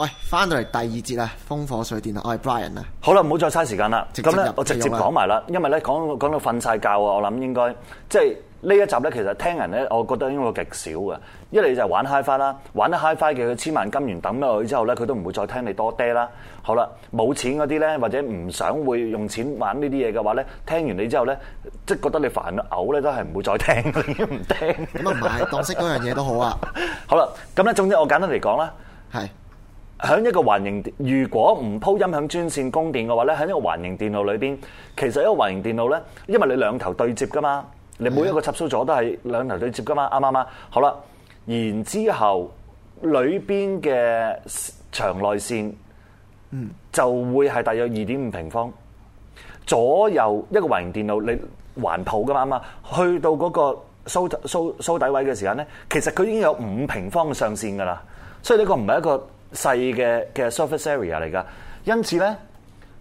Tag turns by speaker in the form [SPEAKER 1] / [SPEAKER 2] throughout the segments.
[SPEAKER 1] 喂，翻到嚟第二節啦，風火水電啊，我係 Brian 啊，好啦，唔好再嘥時間啦。咁咧，我直接講埋啦，因為咧，講講到瞓晒覺啊，我諗應該即係呢一集咧，其實聽人咧，我覺得應該極少噶。一嚟就玩 hi-fi 啦，玩得 hi-fi 嘅，佢千萬金元抌落去之後咧，佢都唔會再聽你多爹啦。好啦，冇錢嗰啲咧，或者唔想會用錢玩呢啲嘢嘅話咧，聽完你之後咧，即係覺得你煩嘔咧，都係唔會再聽，唔聽。咁、嗯、啊，唔 係， 當識嗰樣嘢都好啊。好啦，咁咧，總之我簡單嚟講啦，係。喺一個環形，如果唔鋪音響專線供電嘅話咧，喺一個環形電路裏邊，其實一個環形電路咧，因為你兩頭對接噶嘛，你每一個插蘇座都係兩頭對接噶嘛，啱唔啱啊？好啦，然之後裏邊嘅牆內線，嗯，就會係大約二點五平方左右一個環形電路，你環抱噶嘛，啱嘛？去到嗰個蘇蘇蘇底位嘅時間咧，其實佢已經有五平方嘅上線噶啦，所以呢個唔係一個。細嘅嘅 surface area 嚟噶，因此咧，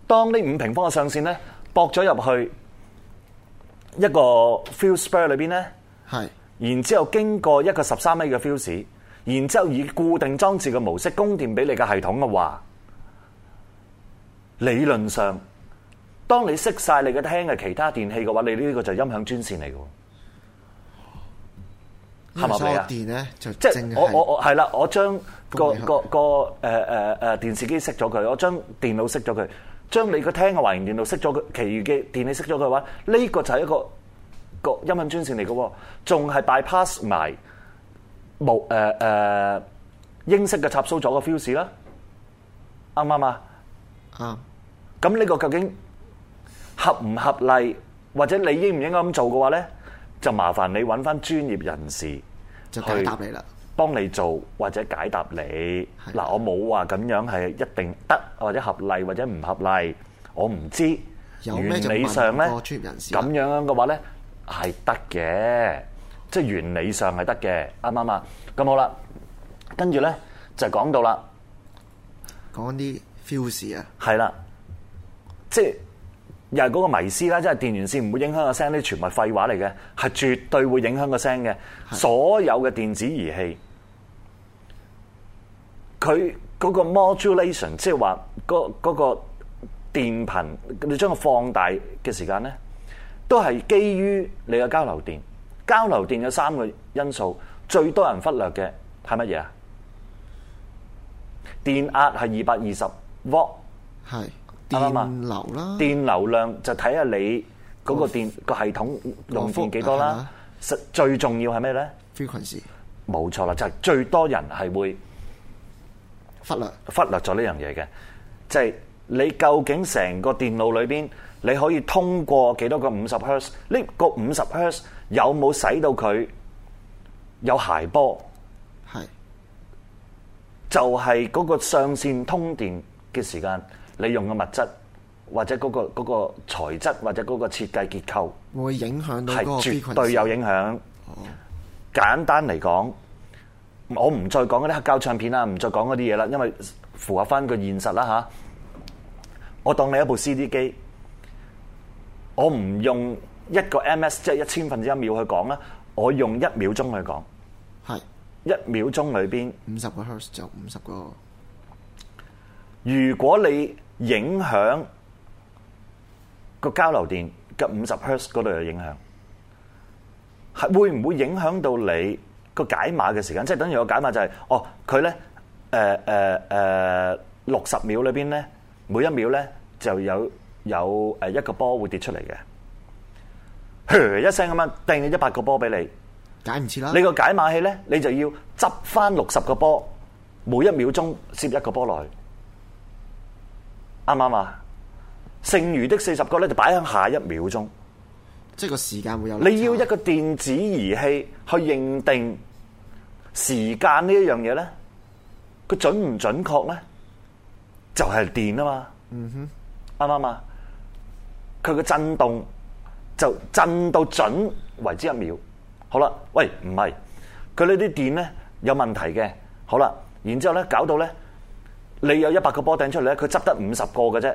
[SPEAKER 1] 當呢五平方嘅上線咧，駁咗入去一個 fuse spur 裏邊咧，係，然之後經過一個十三 A 嘅 fuse，然之後以固定裝置嘅模式供電俾你嘅系統嘅話，理論上，當你熄晒你嘅廳嘅其他電器嘅話，你呢個就係音響專線嚟嘅。冇咗電咧，即係我我我係啦，我將、那個個個誒誒誒電視機熄咗佢，我將電腦熄咗佢，將你個廳嘅環形電路熄咗佢，其餘嘅電器熄咗佢嘅話，呢、這個就係一個個音響專線嚟嘅喎，仲係 bypass 埋無誒誒、呃呃、英式嘅插蘇座嘅 fuse 啦，啱唔啱啊？啊！咁呢個究竟合唔合例，或者你應唔應該咁做嘅話咧？就麻煩你揾翻專業人士去答你啦，幫你做或者解答你。嗱，我冇話咁樣係一定得或者合例或者唔合例，我唔知。有原理上咧，咁樣嘅話咧係得嘅，即係、就是、原理上係得嘅，啱唔啱啊？咁好啦，跟住咧就講到啦，講啲 feel 啊，係啦，即係。又係嗰個迷思啦，即係電源線唔會影響個聲，啲全部係廢話嚟嘅，係絕對會影響個聲嘅。所有嘅電子儀器，佢嗰個 modulation，即係話嗰嗰個電頻，你將佢放大嘅時間咧，都係基於你嘅交流電。交流電有三個因素，最多人忽略嘅係乜嘢啊？電壓係二百二十伏，係。電流啦，電流量，電流量就睇下你嗰個電、那個系統用電幾多啦。實、那個、最重要係咩咧？frequency，冇錯啦，就係、是、最多人係會忽略忽略咗呢樣嘢嘅。即、就、係、是、你究竟成個電腦裏邊，你可以通過幾多個五十赫茲？呢個五十赫茲有冇使到佢有諧波？係就係嗰個上線通電嘅時間。你用嘅物質或者嗰個嗰個材質或者嗰個設計結構，會影響到係絕對有影響。簡單嚟講，我唔再講嗰啲黑膠唱片啦，唔再講嗰啲嘢啦，因為符合返個現實啦吓，我當你一部 CD 機，我唔用一個 ms 即係一千分之一秒去講啦，我用一秒鐘去講，係一秒鐘裏邊五十個 hertz 就五十個。如果你影響個交流電嘅五十赫茲嗰度嘅影響，係會唔會影響到你個解碼嘅時間？即係等於個解碼就係、是、哦，佢咧誒誒誒六十秒裏邊咧，每一秒咧就有有誒一個波會跌出嚟嘅，嘘、呃，一聲咁樣掟一百個波俾你，解唔切啦。你個解碼器咧，你就要執翻六十個波，每一秒鐘攝一個波落去。啱唔啱啊？剩餘的四十個咧就擺喺下一秒鐘，即係個時間會有。你要一個電子儀器去認定時間呢一樣嘢咧，佢準唔準確咧？就係電啊嘛。嗯哼，啱唔啱啊？佢嘅震動就震到準為之一秒。好啦，喂，唔係佢呢啲電咧有問題嘅。好啦，然之後咧搞到咧。你有一百個波頂出嚟咧，佢執得五十個嘅啫，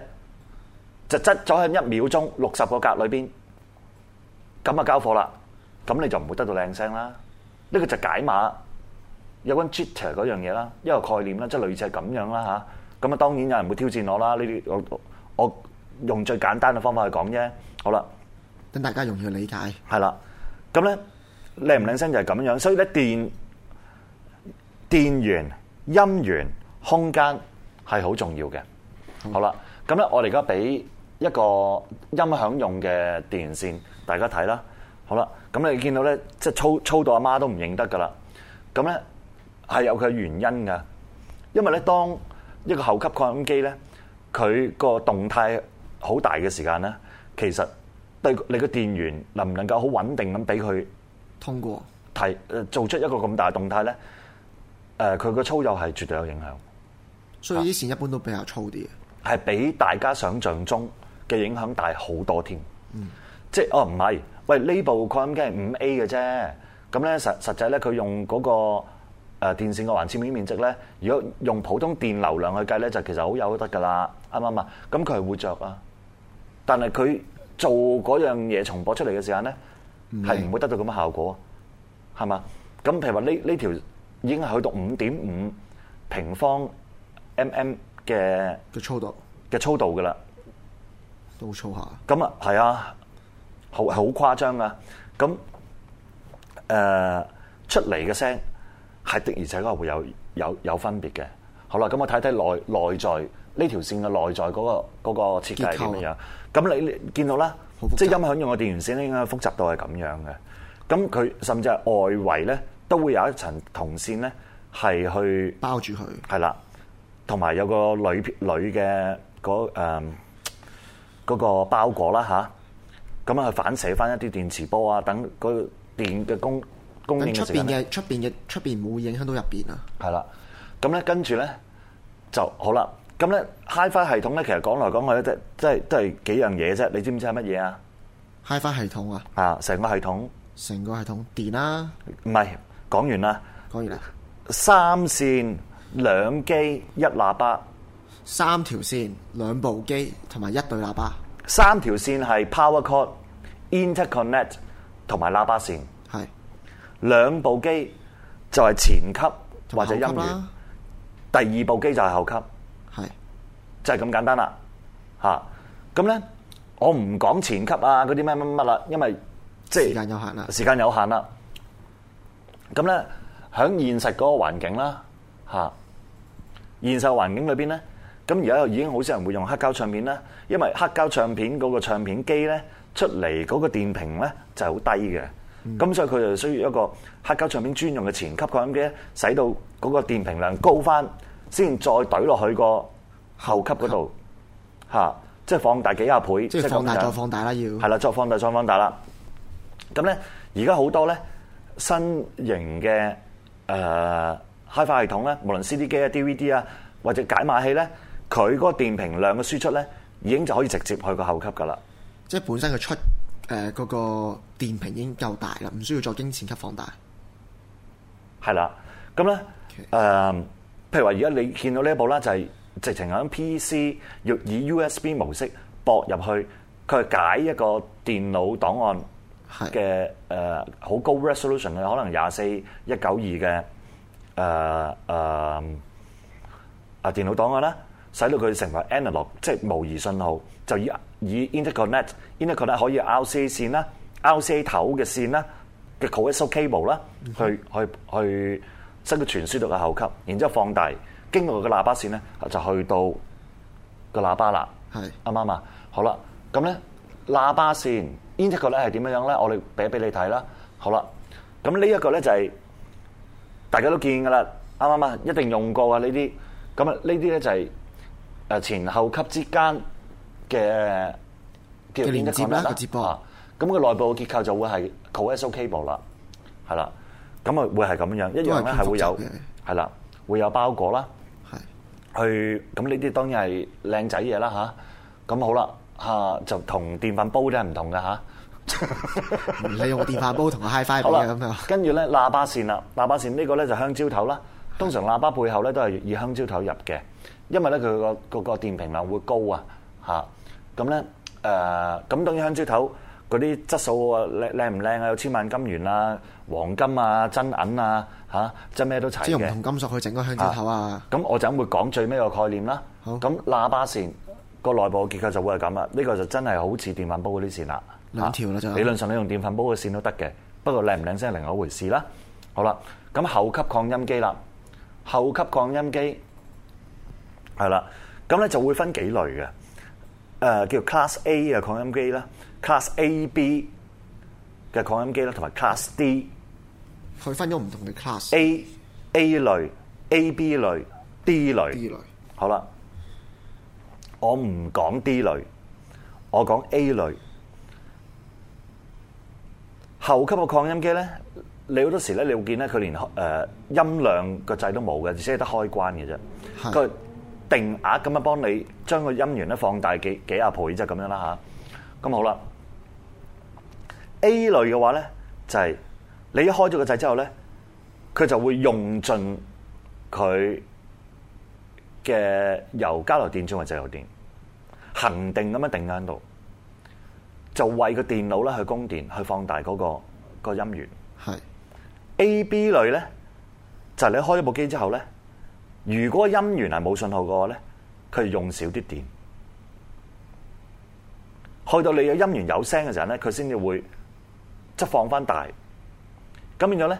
[SPEAKER 1] 就執咗喺一秒鐘六十個格裏邊，咁啊交貨啦，咁你就唔會得到靚聲啦。呢、這個就是解碼有關 jitter 嗰樣嘢啦，一個概念啦，即係類似係咁樣啦吓。咁啊，那當然有人會挑戰我啦。呢啲我我，我用最簡單嘅方法去講啫。好啦，等大家容易理解。係啦，咁咧靚唔靚聲就係咁樣。所以咧電電源、音源、空間。係好重要嘅。好啦，咁咧我哋而家俾一個音響用嘅電線好了，大家睇啦。好啦，咁你見到咧，即係粗粗到阿媽都唔認得噶啦。咁咧係有佢嘅原因噶，因為咧當一個後級擴音機咧，佢個動態好大嘅時間咧，其實對你個電源能唔能夠好穩定咁俾佢通過，係做出一個咁大嘅動態咧，誒佢個粗幼係絕對有影響。所以啲線一般都比較粗啲嘅，係比大家想象中嘅影響大好多添、嗯。嗯、哦，即係哦唔係，喂部音係 5A 而呢部佢已經係五 A 嘅啫。咁咧實實際咧佢用嗰個誒電線嘅橫切面面積咧，如果用普通電流量去計咧，就其實好有都得噶啦。啱唔啱啊？咁佢係活着啊，但係佢做嗰樣嘢重播出嚟嘅時間咧，係唔會得到咁嘅效果，係嘛？咁譬如話呢呢條已經係去到五點五平方。M M 嘅嘅粗度嘅粗度噶啦，都粗下咁啊，啊，係啊，好好誇張啊。咁誒出嚟嘅聲係的，而且、呃、確會有有有，有分別嘅。好啦，咁我睇睇內內在呢條線嘅內在嗰、嗰個設計、嗰個、設計咁樣。咁、啊、你，你見到啦，即係音響用嘅電源線應該複雜到係咁樣嘅。咁佢甚至係外圍咧都會有一層銅線咧，係去包住佢，係啦。同埋有個鋁鋁嘅嗰誒個包裹啦吓，咁樣去反射翻一啲電磁波啊，等個電嘅供供應嘅時間。出邊嘅出邊嘅出邊唔會影響到入邊啊？係啦，咁咧跟住咧就好啦。咁咧 Hi-Fi 系統咧，其實講來講去咧，即係都係幾樣嘢啫。你知唔知係乜嘢啊？Hi-Fi 系統啊？啊，成個系統。成個系統電啦、啊。唔係，講完啦。講完啦。三線。兩機一喇叭，三條線，兩部機同埋一對喇叭，三條線係 power cord、interconnect 同埋喇叭線，係兩部機就係前級或者音源，第二部機就係後級，係就係、是、咁簡單啦，吓，咁咧，我唔講前級啊嗰啲乜乜乜啦，因為即時間有限啦，時間有限啦，咁咧響現實嗰個環境啦，吓。現實環境裏邊咧，咁而家又已經好少人會用黑膠唱片啦，因為黑膠唱片嗰個唱片機咧出嚟嗰個電瓶咧就好低嘅，咁、嗯、所以佢就需要一個黑膠唱片專用嘅前級擴音機，使到嗰個電瓶量高返，先再懟落去個後級嗰度，嚇、嗯，即係放大幾廿倍，即係放大再放大啦，要，係啦，再放大再放大啦，咁咧而家好多咧新型嘅誒。呃開發系統咧，無論 CD 機啊、DVD 啊或者解碼器咧，佢嗰個電平量嘅輸出咧，已經就可以直接去個後級噶啦。即係本身佢出誒嗰個電平已經夠大啦，唔需要再經前級放大。係啦，咁咧誒，譬如話而家你見到呢一部啦，就係、是、直情響 P C 要以 U S B 模式駁入去，佢解一個電腦檔案嘅誒好高 resolution 嘅，可能廿四一九二嘅。誒誒啊！電腦檔案咧，使到佢成為 analog 即係模擬信號。就以以 interconnect，interconnect 可以 RCA 線啦、RCA 頭嘅線啦、嘅 coaxial cable 啦，去去去將佢傳輸到嘅後級，然之後放大，經過個喇叭線咧，就去到個喇叭啦。係啱唔啱啊？好啦，咁咧喇叭線 interconnect 咧係點樣咧？我哋俾俾你睇啦。好啦，咁呢一個咧就係、是。大家都見㗎啦，啱啱啊？一定用過啊呢啲，咁啊呢啲咧就係誒前後級之間嘅
[SPEAKER 2] 嘅連接啦，接
[SPEAKER 1] 波啊！咁個內部結構就會係 Coaxial Cable 啦，係啦，咁啊會係咁樣，一樣咧係會有，係啦，會有包裹啦，係去咁呢啲當然係靚仔嘢啦吓，咁好啦吓，就同電飯煲都係唔同㗎吓。 你用個電飯煲同個 HiFi 咁樣，跟住咧喇叭線啦。喇叭線呢個咧就香蕉頭啦。通常喇叭背後咧都係以香蕉頭入嘅，因為咧佢個嗰個電平量會高啊。嚇咁咧誒咁，等、呃、於香蕉頭嗰啲質素靚靚唔靚啊？有千萬金元啦、黃金啊、真銀啊嚇，即咩都齊用唔同金屬去整個香蕉頭啊？咁我就咁會講最尾個概念啦。咁喇叭線個內部嘅結構就會係咁啦。呢、呢個就真係好似電飯煲嗰啲線啦。兩條啦？就理論上你用電飯煲嘅線都得嘅，不過靚唔靚先係另外一回事啦。好啦，咁後級擴音機啦，後級擴音機係啦，咁咧就會分幾類嘅，誒叫 Class A 嘅擴音機啦，Class A B 嘅擴音機啦，同埋 Class D 佢分咗唔同嘅 Class A A 類、A B 類、D 類。好啦，我唔講 D 類，我講 A 類。後級嘅擴音機咧，你好多時咧，你會見咧佢連誒、呃、音量個掣都冇嘅，只係得開關嘅啫。佢定額咁樣幫你將個音源咧放大幾幾啊倍，即係咁樣啦吓。咁好啦，A 類嘅話咧就係、是、你一開咗個掣之後咧，佢就會用盡佢嘅由交流電轉為直流電，恆定咁樣定壓度，就為個電腦咧去供電，去放大嗰個個音源。係 A、B 類咧，就係你開咗部機之後咧，如果音源係冇信號嘅話咧，佢用少啲電，去到你有音源有聲嘅時候咧，佢先至會即放翻大。咁變咗咧，呢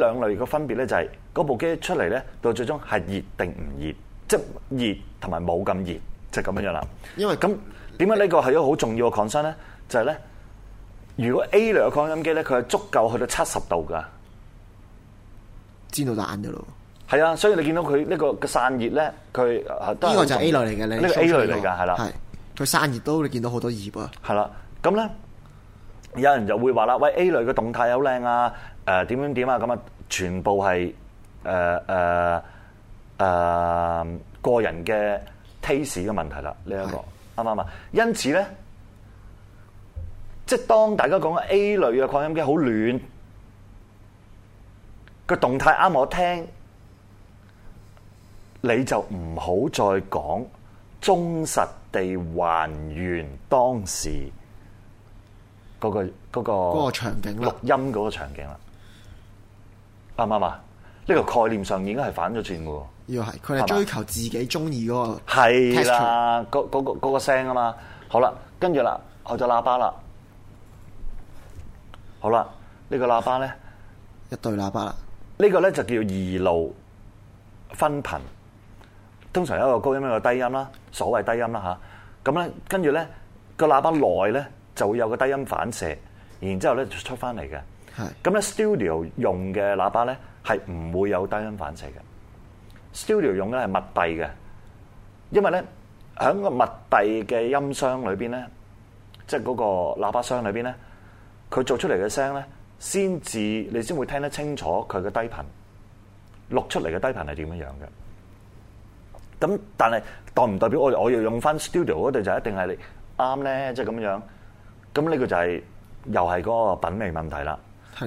[SPEAKER 1] 兩類嘅分別咧就係嗰部機出嚟咧，到最終係熱定唔熱，即係熱同埋冇咁熱就咁樣樣啦。因為咁，點解呢個係一個好重要嘅 concern 咧？就係、是、咧，如果 A 類嘅擴音機咧，佢係足夠去到七十度噶，煎到爛咗咯。係啊，所以你見到佢呢個嘅散熱咧，佢呢、這個就係 A 類嚟嘅呢，呢 A 類嚟嘅係啦，係佢散熱都你見到好多熱啊。係啦，咁咧，有人就會話啦，喂 A 類嘅動態好靚啊，誒、呃、點樣點啊，咁啊，全部係誒誒誒個人嘅 taste 嘅問題啦，呢、這、一個啱唔啱啊？因此咧。即係當大家講個 A 類嘅擴音機好暖，個動態啱我聽，你就唔好再講，忠實地還原當時嗰、嗰個嗰、嗰個錄音、嗰個場景錄音嗰個場景啦，啱唔啱啊？呢、呢個概念上已經係反咗轉嘅喎，要係佢係追求自己中意嗰個係啦，嗰、嗰個嗰、嗰個聲啊嘛。好啦，跟住啦，開咗喇叭啦。好啦，呢個喇叭咧，一對喇叭啦。呢個咧就叫二路分頻。通常有一個高音，有一個低音啦，所謂低音啦吓，咁咧，跟住咧個喇叭內咧就會有個低音反射，然之後咧出翻嚟嘅。係。咁咧，studio 用嘅喇叭咧係唔會有低音反射嘅。studio 用嘅係密閉嘅，因為咧喺個密閉嘅音箱裏邊咧，即係嗰個喇叭箱裏邊咧。佢做出嚟嘅聲咧，先至你先會聽得清楚佢嘅低頻錄出嚟嘅低頻係點樣樣嘅。咁但係代唔代表我我要用翻 studio 嗰度就一定係啱咧？即係咁樣咁呢個就係、是、又係嗰個品味問題啦。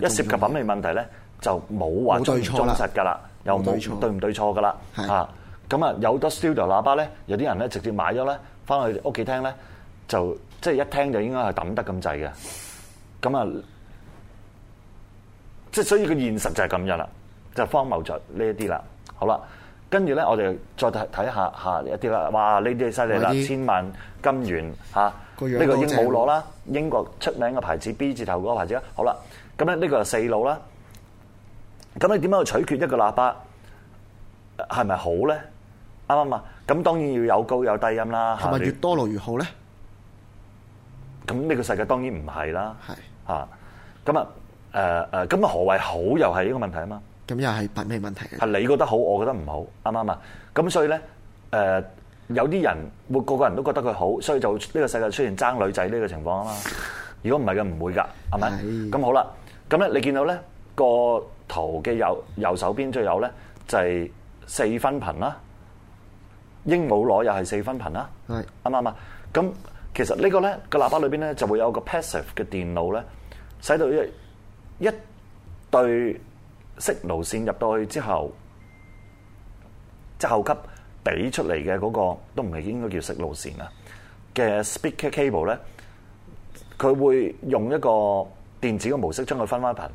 [SPEAKER 1] 一涉及品味問題咧，就冇話最忠實噶啦，又冇，唔對唔對錯噶啦嚇。咁啊，有得 studio 喇叭咧，有啲人咧直接買咗咧，翻去屋企聽咧，就即係一聽就應該係揼得咁滯嘅。咁啊，即係所以個現實就係咁樣啦，就是、荒謬在呢一啲啦。好啦，跟住咧，我哋再睇睇下下一啲啦。哇，呢啲係犀利啦，千萬金元吓，呢個鸚鵡螺啦，英國出名嘅牌子 B 字頭嗰個牌子啦。好啦，咁咧呢個係四路啦。咁你點樣去取決一個喇叭係咪好咧？啱唔啱？咁當然要有高有低音啦。係咪？越多路越好咧？咁呢個世界當然唔係啦。係。啊，咁啊，誒、啊、誒，咁啊，啊，何謂好又係呢個問題啊嘛？咁又係百問題。係你覺得好，我覺得唔好，啱唔啱啊？咁所以咧，誒有啲人，個個人都覺得佢好，所以就呢個世界出現爭女仔呢個情況嘛。如果唔係嘅，唔會㗎，係咪？咁好啦，咁咧你見到咧個圖嘅右右手邊最有咧就係、是、四分頻啦、啊，鸚鵡螺又係四分頻啦，係啱唔啱啊？咁。其實這個呢個咧個喇叭裏邊咧就會有個 passive 嘅電腦咧，使到一一對色路線入到去之後，即後級俾出嚟嘅嗰個都唔係應該叫色路線啊，嘅 speaker cable 咧，佢會用一個電子嘅模式將佢分返頻，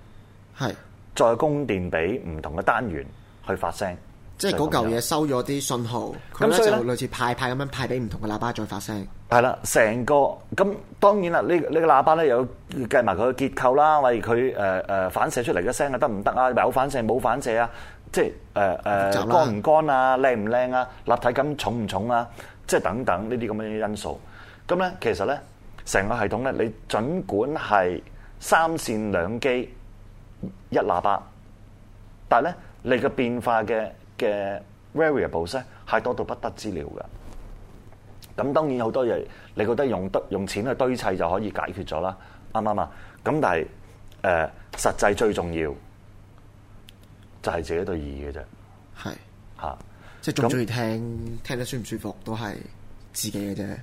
[SPEAKER 1] 係再供電俾唔同嘅單元去發聲。即係嗰嚿嘢收咗啲信號，咁咧就類似派派咁樣派俾唔同嘅喇叭再發聲。對了，係啦。成個咁當然啦，呢呢個喇叭咧有計埋佢嘅結構啦，例如佢誒誒反射出嚟嘅聲啊，得唔得啊？有反射冇反射啊？即係誒誒乾唔乾啊？靚唔靚啊？立體感重唔重啊？即係等等呢啲咁樣嘅因素。咁咧其實咧，成個系統咧，你儘管係三線兩機一喇叭，但係咧你嘅變化嘅，嘅 variables 咧，係多到不得之了㗎。咁當然好多嘢，你覺得用堆用錢去堆砌就可以解決咗啦，啱唔啱啊？咁但係誒、呃，實際最重要就係自己對耳嘅啫。係吓、啊，即係中意聽聽得舒唔舒服都係自己嘅啫。誒、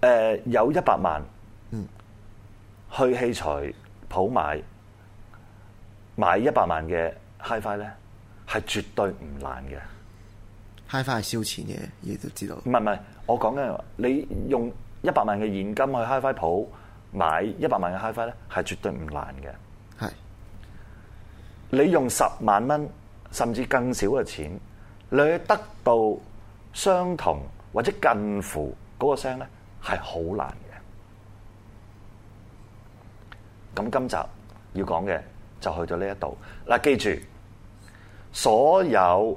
[SPEAKER 1] 呃，有一百萬，嗯，去器材鋪買買一百萬嘅 Hi-Fi 咧。係絕對唔難嘅，HiFi 係燒錢嘅嘢，你都知道。唔係唔係，我講緊你用一百萬嘅現金去 HiFi 鋪買一百萬嘅 HiFi 咧，係絕對唔難嘅。係你用十萬蚊甚至更少嘅錢，你去得到相同或者近乎嗰個聲咧，係好難嘅。咁今集要講嘅就去到呢一度，嗱記住。所有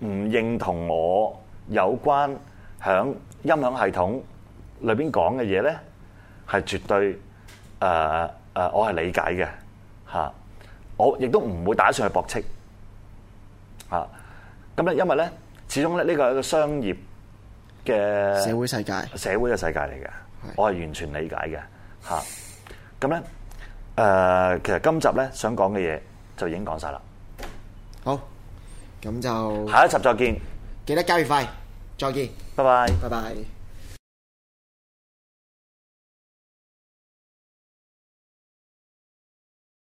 [SPEAKER 1] 唔認同我有關響音響系統裏邊講嘅嘢咧，係絕對誒誒、呃呃，我係理解嘅嚇。我亦都唔會打算去駁斥嚇。咁咧，因為咧，始終咧，呢個係一個商業嘅社會世界，社會嘅世界嚟嘅，我係完全理解嘅嚇。咁咧誒，其實今集咧想講嘅嘢就已經講晒啦。好，咁就下一集再見。記得交月費，再見。拜拜，拜拜。